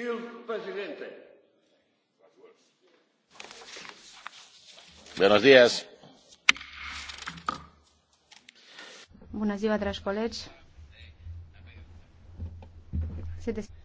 Il presidente. Buenos días. Bună ziua, dragi colegi. Se des-